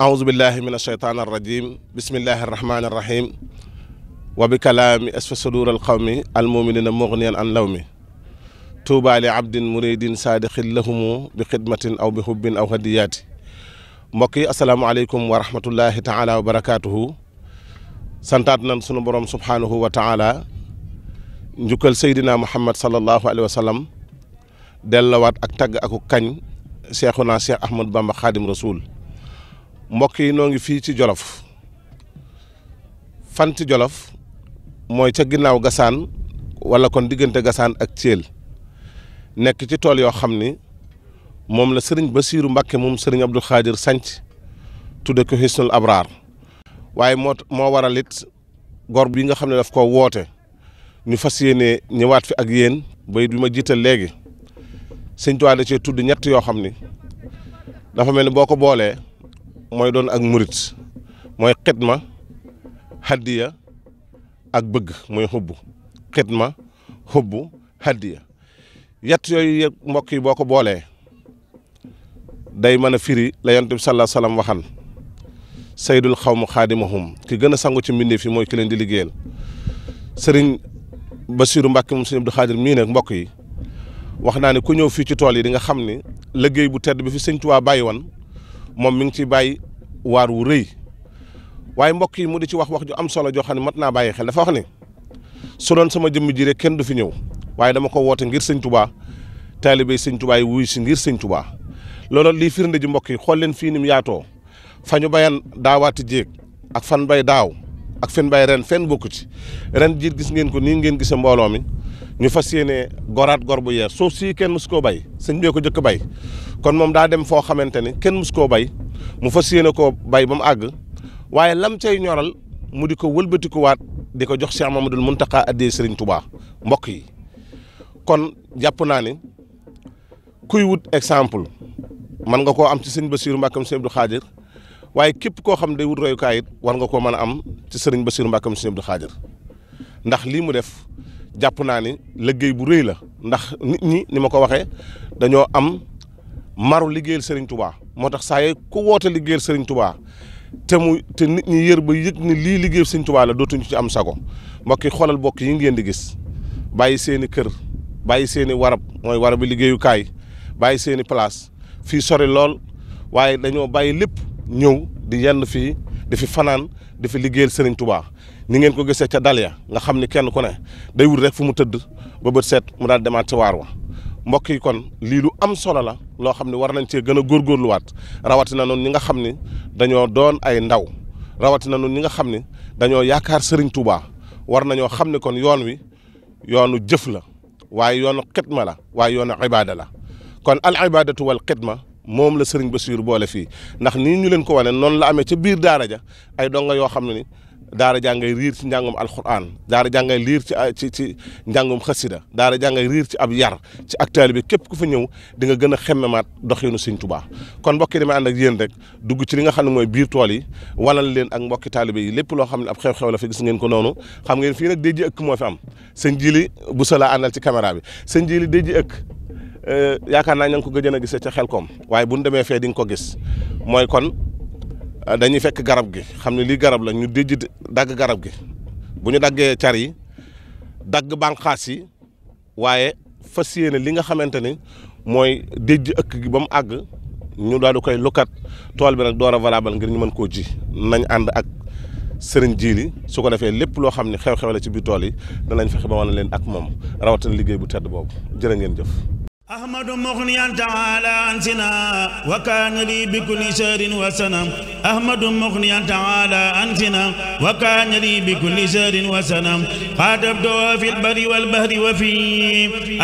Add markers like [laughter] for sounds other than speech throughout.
أعوذ بالله من الشيطان الرجيم بسم الله الرحمن الرحيم وبكلام أسف صدور القوم المؤمنين مغنيا عن لومي tuubaa li abdin muridin saadixin lahumu bi xidmatin aw bi hubbin aw hadiyaati mbokk yi asalaamaaleykum wa rahmatullahi taala wa barakaatuhu santaat nan sunu borom subhaanahu wa taala njukkal seydina muhammad salallahu alayhi wa sallam dellowaat ak tagg aku kañ seexuna seex ahmad bamba xaadim rasul mbokk yi noo ngi fii ci Jolof fan ci Jolof mooy ca ginnaaw gasaan wala kon diggante gasaan ak Thiel nekk ci tool yoo xam ni moom la sëriñ ba siiru Mbàkke moom sëriñ Abdul Xaadir sanc tudde ko Hisnul Abraar waaye moo moo waral it gor bi nga xam ne daf ko woote ñu fas yéene ñëwaat fi ak yéen bayit bi ma jiital léegi sëñ Tuubaa da cee tudd ñett yoo xam ni dafa mel ni boo ko boolee mooy doon ak murit mooy xidma haddiya ak bëgg mooy xubbu xidma xubbu haddiya yett yooyu yëpp mbokk yi boo ko boolee day man a firi la yonent bi sallallahu alayhi wasallam waxan saydul xawmu xaadimahum ki gën a sangu ci mbindeef yi mooy ki leen di liggéeyal sëriñ Basiru Mbàkke moom sëriñ Abdu Xaadir mii nag mbokk yi wax naa ne ku ñëw fii ci tool yi di nga xam ni liggéey bu tedd bi fi sëñ waa bàyyi woon moom mi ngi ci bàyyi waar wu rëy waaye mbokk yi mu di ci wax wax ju am solo joo xam ne mat naa bàyyi xel dafa wax ni su sama jëmm ji kenn du fi ñëw waaye dama ko woote ngir sëñ tubaa taalibe sëñ tubaa wuy si ngir sëñ tubaa loolu lii firnde ji mbokk yi xool leen fii ni mu yaatoo fa ñu bayan daawaati jéeg ak fan bay daaw ak fen bay ren fenn bokku ci ren jiit gis ngeen ko nii ngeen gisee mbooloo mi ñu fas yéene goraat gor bu yeer soo sii kenn mosu koo bay sëñ bee ko jëkk bay kon moom daa dem foo xamante ne kenn mus koo bay mu fas yéene koo bay ba mu àgg waaye lam cay ñoral mu di ko wëlbatikuwaat di ko jox Cheikh Mamadul Muntaqa addee Serigne Touba mbokk yi kon jàpp naa ne kuy wut exemple man nga koo am ci sëñ Bassirou Mbacké Sëñ Abdou Khadir waaye képp koo xam day wut royukaay it war nga koo mën a am ci sëriñ Bassirou Mbacké Sëñ Abdou Khadir ndax lii mu def jàpp naa ni liggéey bu rëy la ndax nit ñi ni ma ko waxee dañoo am maru liggéeyal Serigne Touba moo tax saa yooyu ku woote liggéeyal Serigne Touba te mu te nit ñi yër ba yëg ni lii liggéeyal Serigne Touba la dootuñu ci am sago mbokk yi xoolal bokk yi ngi ngeen di gis bàyyi seen i kër bàyyi seen i warab mooy warabi liggéeyukaay bàyyi seen i place fii sori lool waaye dañoo bàyyi lépp ñëw di yenn fii di fi fanaan di fi liggéeyal Serigne Touba ni ngeen ko gisee ca Dalia nga xam ni kenn ku ne day wut rek fu mu tëdd ba bët seet mu daal demaat ci waar wa mbokk yi kon lii lu am solo la loo xam ne war nañ cee gën a góor góorgóorluwaat rawatina noonu ñi nga xam ne dañoo doon ay ndaw rawatina noonu ñi nga xam ne dañoo yaakaar Serigne Touba war nañoo xam ne kon yoon wi yoonu jëf la waaye yoonu xidma la waaye yoonu ibaada la kon al ibaadatu wal xidma moom la ba Bassirou boole fii ndax nii ñu leen ko wane noonu la amee ca biir daara ja ay donga yoo xam ne ni daara jàngay riir ci njàngum alxuraan daara jàngay riir ci ci ci njàngum xasida daara jàngay riir ci ab yar ci ak taalibe képp ku fa ñëw di nga gën a xemmemaat doxinu Sëñ Tuubaa kon mbokki dama ànd ak yéen rek dugg ci li nga xam ne mooy biir tool yi walal leen ak mbokki taalibe lépp loo xam ne ab xew-xew la fi gis ngeen ko noonu xam ngeen fii nag déji ëkk moo fi am sëñ jili bu sala àndal ci caméra bi sëñ jili ji ëkk euh, yaakaar naa ña ngi ko gëjën a gisee ca xel koom waaye bu demee fee di ko gis mooy kon Euh, dañuy fekk garab gi xam ne lii garab la ñu dijji dagg garab gi bu ñu daggee car yi dagg bànqaas yi waaye fas yéene li nga xamante ni mooy déjj ëkk gi ba mu àgg ñu daal du koy lukkat tool bi nag door a valable ngir ñu mën koo ji nañ ànd ak sëriñ jiili su ko defee lépp loo xam ne xew-xew la ci biir tool yi danañ fexe ba wane leen ak moom rawatina liggéey bu tedd boobu jërë ngeen jëf أحمد مغنيا تعالى عن سنا وكان لي بكل شر وسنا أحمد مغنيا تعالى عن سنا وكان لي بكل شر وسنا خاطبته في البر والبهر وفي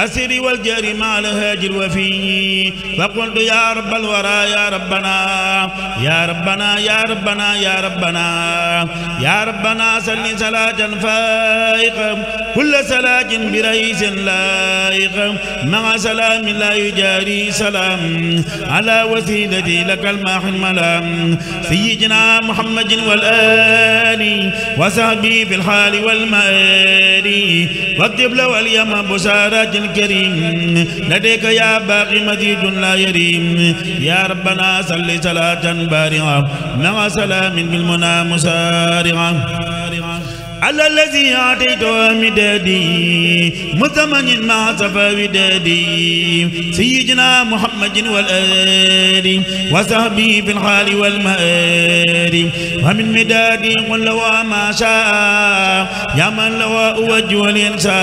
أسر والجار مع الهاجر وفي فقلت يا رب الورى يا ربنا يا ربنا يا ربنا يا ربنا يا ربنا سل صلاة فائقة كل صلاة برئيس لائق مع صلاة سلام لا يجاري سلام على وسيلتي لك الماح الملام سيدنا محمد والآل وصحبه في الحال والمآل واكتب له اليم بسارات الكريم لديك يا باقي مزيد لا يريم يا ربنا صل صلاة بارعة مع سلام بالمنى مسارعة على الذي أعطيت مدادي مزمن مع صفا ودادي سيدنا محمد والآل وصحبه في الحال والمآل ومن مدادي قل له ما شاء يا من له أوجه الإنساء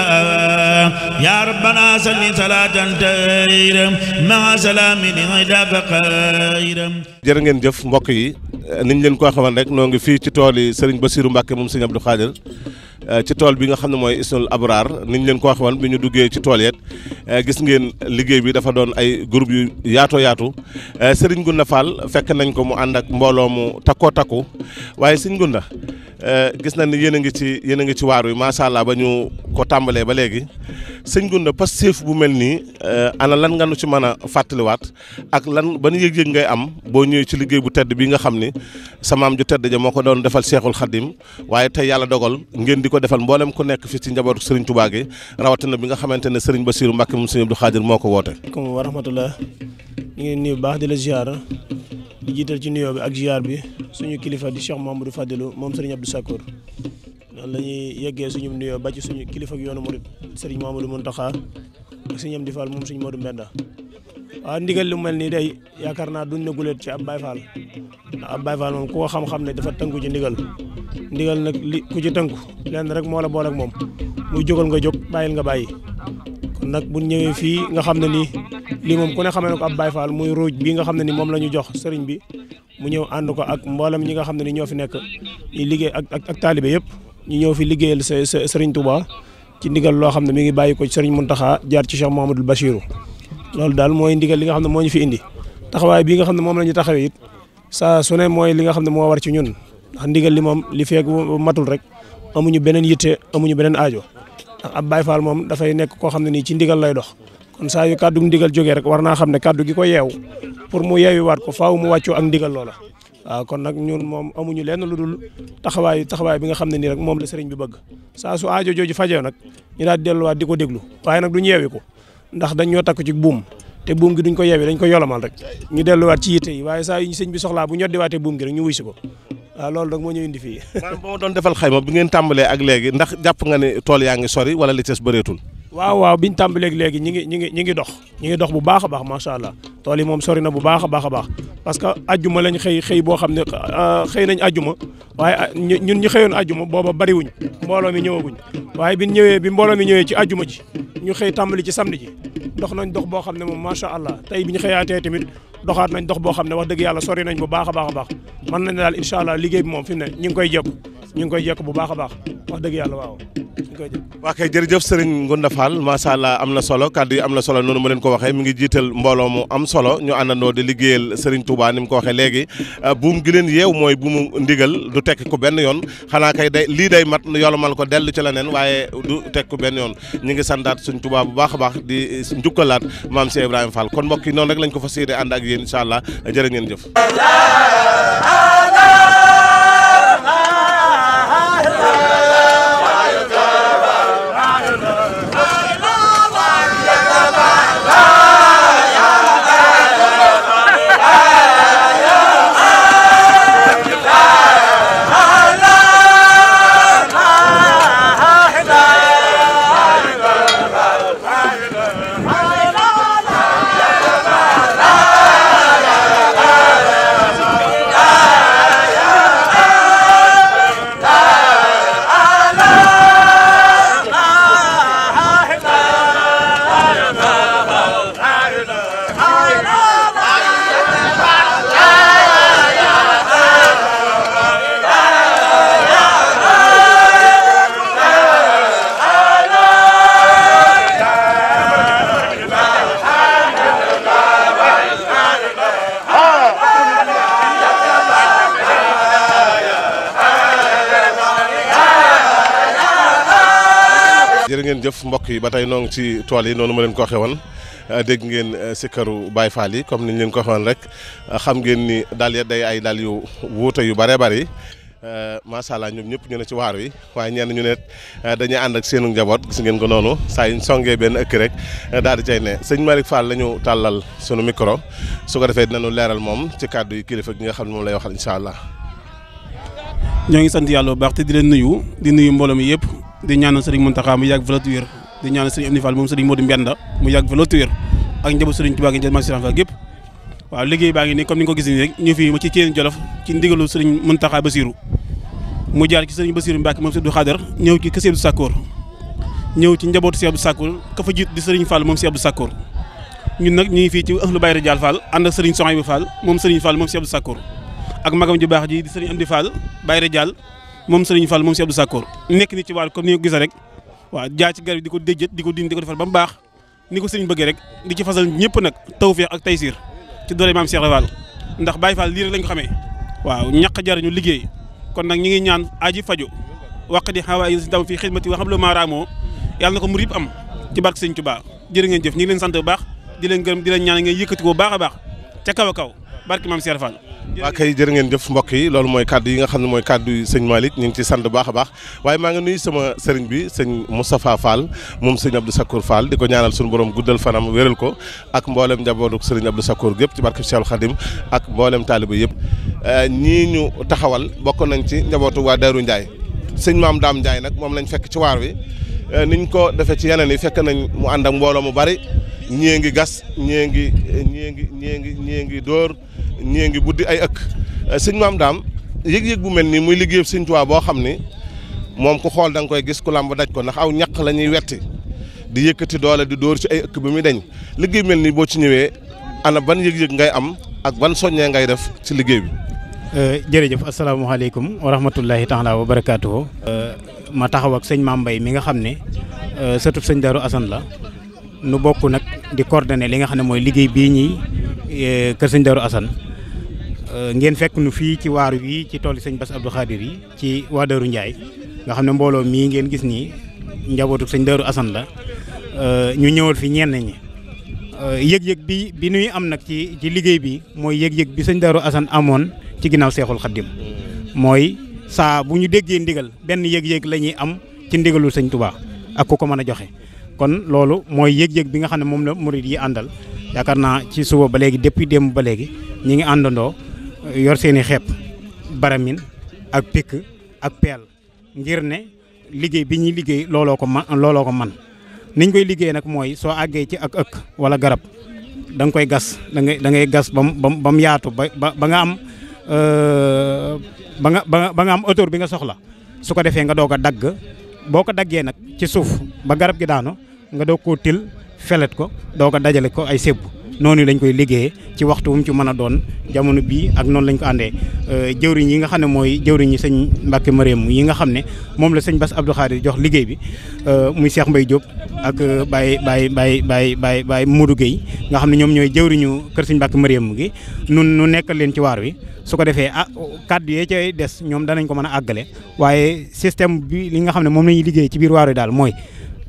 يا ربنا صل صلاة تائرة مع سلام غدا فقائرة jërë ngeen jëf mbokk yi Eh, niñ leen koo xamal rek noo ngi fii ci tool yi Serigne Bassirou Mbacke moom Serigne Abdou Khadir eh, ci tool bi nga xam ne mooy Hisnul Abrar niñ leen koo xamal bi ñu duggee ci tool yeet eh, gis ngeen liggéey bi dafa doon ay groupe yu yaatoo yaatu Serigne Gunda Fall fekk nañ ko mu ànd ak mbooloo mu takkoo takku waaye Serigne Gunda gis na ni yéen a ngi ci yéen a ngi ci waar wi macha allah ba ñu ko tàmbalee ba léegi. sëñ Gunda Pastef bu mel nii eh, ana lan nga nu ci mën a fàttaliwaat ak lan ban yëg-yëg ngay am boo ñëwee ci liggéey bu tedd bii nga xam ni sa maam ju tedd ja moo ko doon defal Seexul Xadim waaye tey yàlla dogal ngeen di ko defal mboolem ku nekk fii ci njabootu Serigne Touba gi rawatina bi nga xamante ne Serigne Bassirou Mbacké moom Serigne Abdou Khadir moo ko woote. asalaamaaleykum wa rahmatulah ñu ngi nuyu baax di la ziar di jiital ci nuyoo bi ak ziar bi suñu kilifa di Cheikh Mamadou Fadilou moom Serigne Abdou noonu la ñuy yeggee suñu nuyoo ba suñu kilifa ak yoonu murid sëriñ Mouhamadou Mountakha ak sëriñ Amdi Fall moom suñu Modou Mbenda ndigal lu mel nii day yaakaar naa duñ ne guleet ci ab Baye Fall xam-xam ne dafa tënku ci ndigal nag li ku ci tënku lenn rek moo la boole moom muy nga jóg bàyyil nga bàyyi kon nag bu ñëwee fii nga xam ne ni lii moom ku ne xamee ne ko ab Baye Fall muy ruuj bi nga xam ne ni moom la ñu jox sëriñ bi mu ñëw ànd ko ak mboolem ñi nga xam ne ni ñoo fi nekk ñuy liggéey ak ak taalibe yëpp ñu ñëw fi liggéeyal sa sa Serigne Touba ci ndigal loo xam ne mi ngi bàyyi ko ci Serigne Mountakha jaar ci Cheikh Mouhamadoul loolu daal mooy ndigal li nga xam ne moo ñu fi indi taxawaay bi nga xam ne moom la ñu taxawee it saa su ne mooy li nga xam ne moo war ci ñun ndigal li moom li feeg matul rek amuñu beneen yitte amuñu beneen aajo ndax ab Baye Fall moom dafay nekk koo xam ne nii ci ndigal lay dox kon saa yu kàddu ndigal jógee rek war naa xam ne kàddu gi ko yeew pour mu yeewiwaat ko faaw mu wàccoo ak ndigal loola waaw kon nag ñun moom amuñu leen lu dul taxawaayu taxawaay bi nga xam ne nii rek moom la sëriñ bi bëgg saa su ajo jooju fajoo nag ñu daal delluwaat di ko déglu waaye nag duñ yeewi ko ndax dañ ñoo takk ci buum te buum gi duñ ko yeewi dañ ko yolomal rek ñu delluwaat ci yitte yi waaye saa yu ñu sëñ bi soxlaa bu ñoddiwaatee buum gi rek ñu wuy si ko waaw loolu nag moo ñu indi fii. [laughs] maanaam boo doon defal xay ma bi ngeen tàmbalee ak léegi ndax jàpp nga ne tool yaa ngi sori wala li des bëreetul waaw waaw biñ tàmbaleeg léegi ñi ngi ñi ngi ñi ngi dox ñi ngi dox bu baax a baax macha allah tool yi moom sori na bu baax a baax a baax parce que ajjuma lañ xëy xëy boo xam ne ah, xëy nañ ajuma waaye ah, ñun ñu xëyoon ajjuma booba bariwuñ mbooloo mi ñëwaguñ waaye bi ñëwee bi mbooloo mi ñëwee ci ajuma ji ñu xëy tàmbali ci samedi ji dox nañ dox boo xam ne moom macha allah tey bi ñu xëyaatee tamit doxaat nañ dox boo xam ne wax dëgg yàlla sori nañ bu baax baax a baax mën nañ daal incha allah liggéey moom fi ne ñu ngi koy jëpp ñu ngi koy jekk bu baax a baax wax dëgg yàlla waaw ñu ngi koy jekk waa kay sëriñ Ngounda Fall macha allah am na solo kàddu yi am na solo noonu ma leen ko waxee mu ngi jiital mbooloo mu am solo ñu àndandoo di liggéeyal sëriñ Touba ni mu ko waxee léegi euh, buum gi leen yeew mooy bu mu ndigal du tekk ko benn yoon xanaa kay day lii day mat yolomal ko dellu ci neen waaye du tekk ko benn yoon ñu ngi santaat suñ Touba bu baax a baax di njukkalaat maam Cheikh Ibrahima Fall kon mbokk yi noonu rek lañ ko fas yéene ànd ak yéen allah jërë ngeen jëf ngeen jëf mbokk yi ba tey noo ci tool yi noonu ma leen ko waxee woon euh, dégg ngeen euh, sikkaru Baay Faal yi comme ni ñu leen ko waxee woon rek euh, xam ngeen ni daal ya day ay daal yu wuute yu bare bari macha allah ñoom ñëpp ñu ne ci waar wi waaye ñenn ñu ne dañuy ànd ak seenu njaboot gis ngeen ko noonu saa yu ñu songee benn ëkk rek daal di cay ne sëñ Malick Fall la ñu tàllal sunu micro su ko defee dinañu leeral moom ci kàddu yi kilifa gi nga xam ne moom lay waxal incha allah. ñoo ngi sant yàlla bu baax te di leen nuyu di nuyu mbooloo mi di ñaanal sëriñ Mountakha mu yàgg fa lotu wér di ñaanal sëriñ Amdi Fall moom sëriñ Modou Mbenda mu yàgg fa lotu wér ak njaboot sëriñ Tuubaa gi jël Maam Cheikh Fall gépp waaw liggéey baa ngi nii comme ni nga ko gis nii rek ñu fi ma ci Thiène Jolof ci ndigalu sëriñ Mountakha Bassirou mu jaar ci sëriñ Bassirou Mbacke moom Sëriñ Abdou Khadar ñëw ci kër Abdou Sakkoor ñëw ci njabootu Cheikh Abdou Sakkoor ka fa jiit di sëriñ Fall moom Cheikh Abdou Sakkoor ñun nag ñu ngi fii ci ahlu Bayra Dial Fall ànd ak sëriñ Sohaybou Fall moom sëriñ Fall moom Cheikh Abdou Sakkoor ak magam ju baax ji di sëriñ Amdi Fall Bayra Dial moom Serigne Fall moom si Abdou Sakkoor nekk ni ci wàll comme ni ko gisee rek waaw jaa ci garab di ko déjjët di ko dindi di ko defal ba mu baax ni ko sëriñ bëggee rek di ci fasal ñëpp nag tawfeex ak taysiir ci doole maam Cheikh Fall ndax Baye Fall lii rek lañ ko xamee waaw ñaq jariñu liggéey kon nag ñi ngi ñaan aji fajo waq di xawaa yi si tam fii xidmati wa xam la maaraamoo yàlla na ko murid am ci barke Sëriñ Tuubaa jërë ngeen jëf ñi ngi leen sant bu baax di leen gërëm di leen ñaan ngeen yëkkati ko baax a baax ca kaw kaw barki maam Cheikh Fall waa kay jërë ngeen jëf mbokk yi loolu mooy kàddu yi nga xam ne mooy kàddu yi sëñ Malick ñu ngi ci sant baax a baax waaye maa ngi nuyu sama sëriñ bi sëñ Moustapha Fall moom sëñ Abdou Sakour faal di ko ñaanal suñu borom guddal fanam wéral ko ak mboolem njabootu sëriñ Abdou Sakour gépp ci barke Cheikhul Khadim ak mboolem taaliba yëpp eh, ñii ñu taxawal bokk nañ ci njabootu waa Daaru Ndiaye sëñ maam Daam Ndiaye nag moom lañ fekk ci waar wi eh, niñ ko defee ci yeneen yi fekk nañ mu ànd ak mbooloo mu bari ñii ngi gas ñii ngi eh, ñii ngi ñii ngi ñii ngi dóor ñée ngi buddi ay ëkk euh, sëñ maam daam yëg-yëg bu mel nii muy liggéey sëñ Tuubaa boo xam ni moom ku xool danga koy gis ku làmb daj ko ndax aw ñaq la ñuy wetti di yëkkati doole di dóor ci ay ëkk bi muy dañ liggéey mel nii boo ci ñëwee ana ban yëg-yëg ngay am ak ban soññee ngay def ci liggéey bi. Euh, jërëjëf asalaamaaleykum wa rahmatullahi taala wa barakaatuhu. Euh, ma taxaw ak sëñ Maam Mbay mi nga xam ne sëtub sëñ Daaru Asan la nu bokk nag di coordonné li nga xam ne mooy liggéey bii ñii sëñ Daaru Asan Euh, ngeen fekk nu fii ci waaru wi ci tool sañ Bass Abdou Khadir yi ci waa Daaru Ndiaye nga xam ne mbooloo mii ngeen gis nii njabootu sañ Daaru Assane la euh, ñu ñëwal fi ñenn ñi euh, yëg-yëg bi bi nuy am nag ci ci liggéey bi mooy yëg-yëg bi sëñ Daaru Assane amoon ci ginnaaw Seexul Xaddim mooy saa bu ñu déggee ndigal benn yëg-yëg lañuy am ci ndigalul sëñ Touba ak ku ko mën a joxe kon loolu mooy yëg-yëg bi nga xam ne moom la murid yi àndal yaakaar naa ci suba ba léegi depuis démb ba léegi ñu ngi àndandoo yor seen i xepp baramin ak pikk ak peel ngir ne liggéey bi ñuy liggéey looloo ko man looloo ko man niñ koy liggéey nag mooy soo àggee ci ak ëkk wala garab da nga koy gas dangay da ngay gas bam bam ba mu yaatu ba ba nga am euh, ba ba nga am hauteur bi nga soxla su ko defee nga doog a dagg boo ko daggee nag ci suuf ba garab gi daanu nga doog koo til felet ko doo ko dajale ko ay sébbu noonu lañ koy liggéeyee ci waxtu wu ci mën a doon jamono bii ak noonu lañ ko àndee euh, jëwriñ yi nga xam ne mooy jëwriñ yi sëñ Mbacke Mariam yi nga xam ne moom la sëñ Bass Abdou Khadir jox liggéey bi euh, muy Cheikh Mbaye ak euh, Baye Baye Baye Baye Baye Baye Modou Gueye nga xam ne ñoom ñooy jëwriñu kër sëñ Mbacke Mariam gi nun nu nekkal leen ci waar wi su ko defee ah kàddu yee cay des ñoom danañ ko mën a àggale waaye système bi li nga xam ne moom la ñuy liggéey ci biir waar wi daal mooy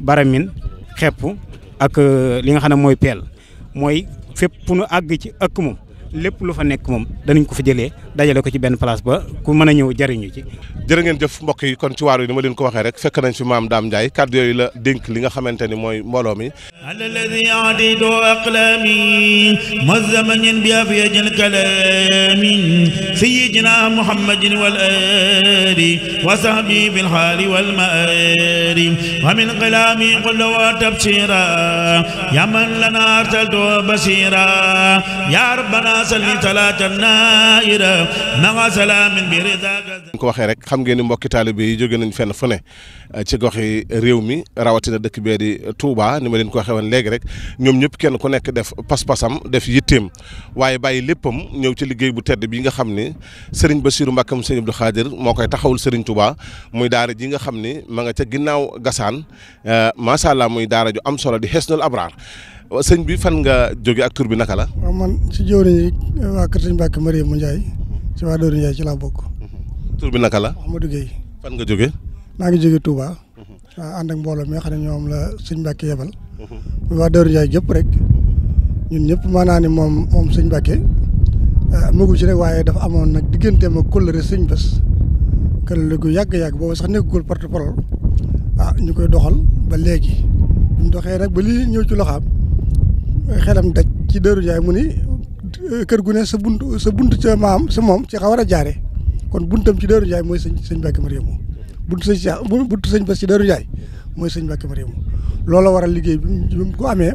baramin xepp ak li nga xam ne mooy peel mooy fépp fu nu àgg ci ëkk moom lépp lu fa nekk moom danañ ko fa jëlee dajale ko ci benn place ba ku mën a ñëw jëriñu ci jërë ngeen jëf mbokk yi kon ci waar yi ni ma leen ko waxee rek fekk nañ fi maam Dame Ndiaye kàddu yooyu la dénk li nga xamante ni mooy mbooloo mi alladi adido aqlami mazamanin bi afyajil kalamin sayyidina muhammadin wal ali wa sahbi bil hali wal maari wa min kalami qul wa tabshira ya man lana arsaltu a ya rabbana salli salaatan naira maa salaamin bi ridaka ko waxee rek xam ngeen ni mbokki taalibe yi jóge nañ fenn fu ne ci goxi réew mi rawatina dëkk bee di Touba ni ma leen ko waxee woon léegi rek ñoom ñëpp kenn ku nekk def pas-pasam def yitteem waaye bàyyi léppam ñëw ci liggéey bu tedd bi nga xam ni Serigne Bassirou Mbacké Serigne Abdou Khadir moo koy taxawul Serigne Touba muy daara ji nga xam ni ma nga ca ginnaaw gasaan euh, macha allah muy daara ju am solo di xees Hisnul Abrar sëñ bi fan nga jóge ak tur bi naka la. waaw man ci jëwriñ yi waa Kër Sëñ Mbàkke Mariama Ndiaye ci waa Dóoru Ndiaye ci laa bokk. Mhm. tur bi naka la. Amadou Guèye. fan nga jóge naa ngi jóge Touba. Mhm. waaw ànd ak mbooloo mi nga xam ne ñoom la sëñ Mbàkke yebal. Mhm. muy waa Dóoru rek ñun ñëpp maanaa ni moom moom sëñ Mbàkke ah, magu ci rek waaye dafa amoon nag digganteem ak kóllëre sëñ bés kóllëre gu yàgg-yàgg boobu sax nekkul porte parole ah ñu koy doxal ba léegi ñu doxee nag ba lii ñëw ci loxo am xelam daj ci Darou Ndiaye mu ni euh, kër gu ne sa bunt sa bunt ca maam sa moom ci xaw war a jaare kon buntam ci Darou Ndiaye mooy sëñ sëñ Mbacke Mariamu buntu sëñ Cheikh buntu sëñ Bass ci Darou Ndiaye mooy sëñ Mbacke Mariamu loolu waral liggéey bi mu ko amee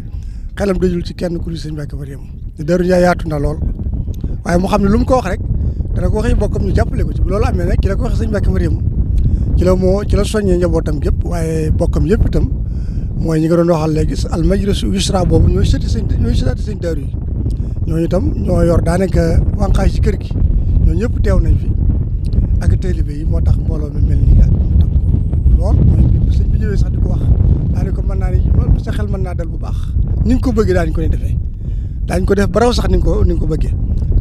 xelam dajul ci kenn ku dul sëñ Mbacke Mariamu Darou Ndiaye yaatu na lool waaye mu xam ne lu mu ko wax rek dana ko waxee mbokkam ñu jàppale ko ci loolu amee nag ci la ko waxee sëñ Mbacke Mariamu ci la moo ci la soññee njabootam gépp waaye bokkam yëpp itam mooy ñu nga doon waxal léegi al majlis yusra boobu ñooy sëti sëñ ñooy sëti sëñ daaru yi ñooñu itam ñoo yor daanaka wànqaay ci kër gi ñoo ñëpp teew nañ fi ak taalibe yi moo tax mbooloo mi mel nii ak mu tax lool mooy ko wax daane ko mën naa ne sa mën naa dal bu baax ni nga ko bëggee daañu ko ne defee daañ ko def baraw sax ni nga ko ni nga ko bëggee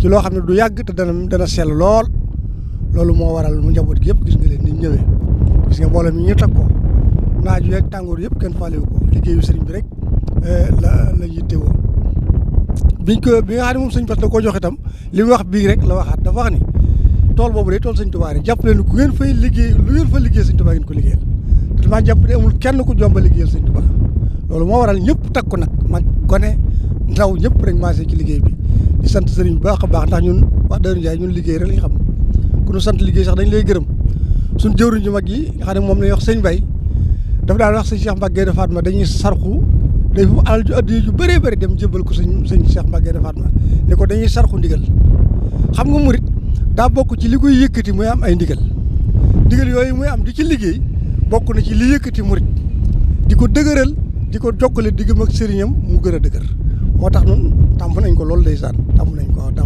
ci loo xam ne du yàgg te dana dana seel lool loolu moo waral mu njaboot gi yëpp gis nga leen ni ñëwee gis nga mbooloo mi ñu tag ko naaj wi ak tàngoor yëpp kenn faalewu ko liggéeyu sëriñ bi rek eh, la la yittewoo biñ ko bi nga xam moom sëñ Bass da koo jox itam li wax bii rek la waxaat dafa wax ni tool boobu day tool sëñ Tuubaa yi jàpp leen ku ngeen fay liggéey lu ngeen fa liggéey sëñ Tuubaa ko liggéeyal te maa jàpp kenn ku jomba liggéeyal sëñ loolu moo waral ñëpp takku nag mag gone ndaw ñëpp rek maasee ci liggéey bi di sant sëriñ bu baax a baax ndax ñun wax dëgg Ndiaye ñun liggéey rek lañ xam ku ñu sant liggéey sax dañ lay gërëm suñ jëwriñ ju mag yi nga xam ne moom la wax sëñ Bay dafa daan wax sëñ Cheikh Mbacke Gaïndé Fatma dañuy sarxu day fu alal ju addi ju bëree bëri dem jëbal ko sëñ sëñ Cheikh Mbacke Gaïndé Fatma ne ko dañuy sarxu ndigal xam nga murit daa bokk ci li koy yëkkati muy am ay ndigal ndigal yooyu muy am di ci liggéey bokk na ci li yëkkati murit di ko dëgëral di ko jokkale diggam ak sëriñam mu gën a dëgër moo tax noonu tàmm nañ ko loolu day saan tàmm nañ ko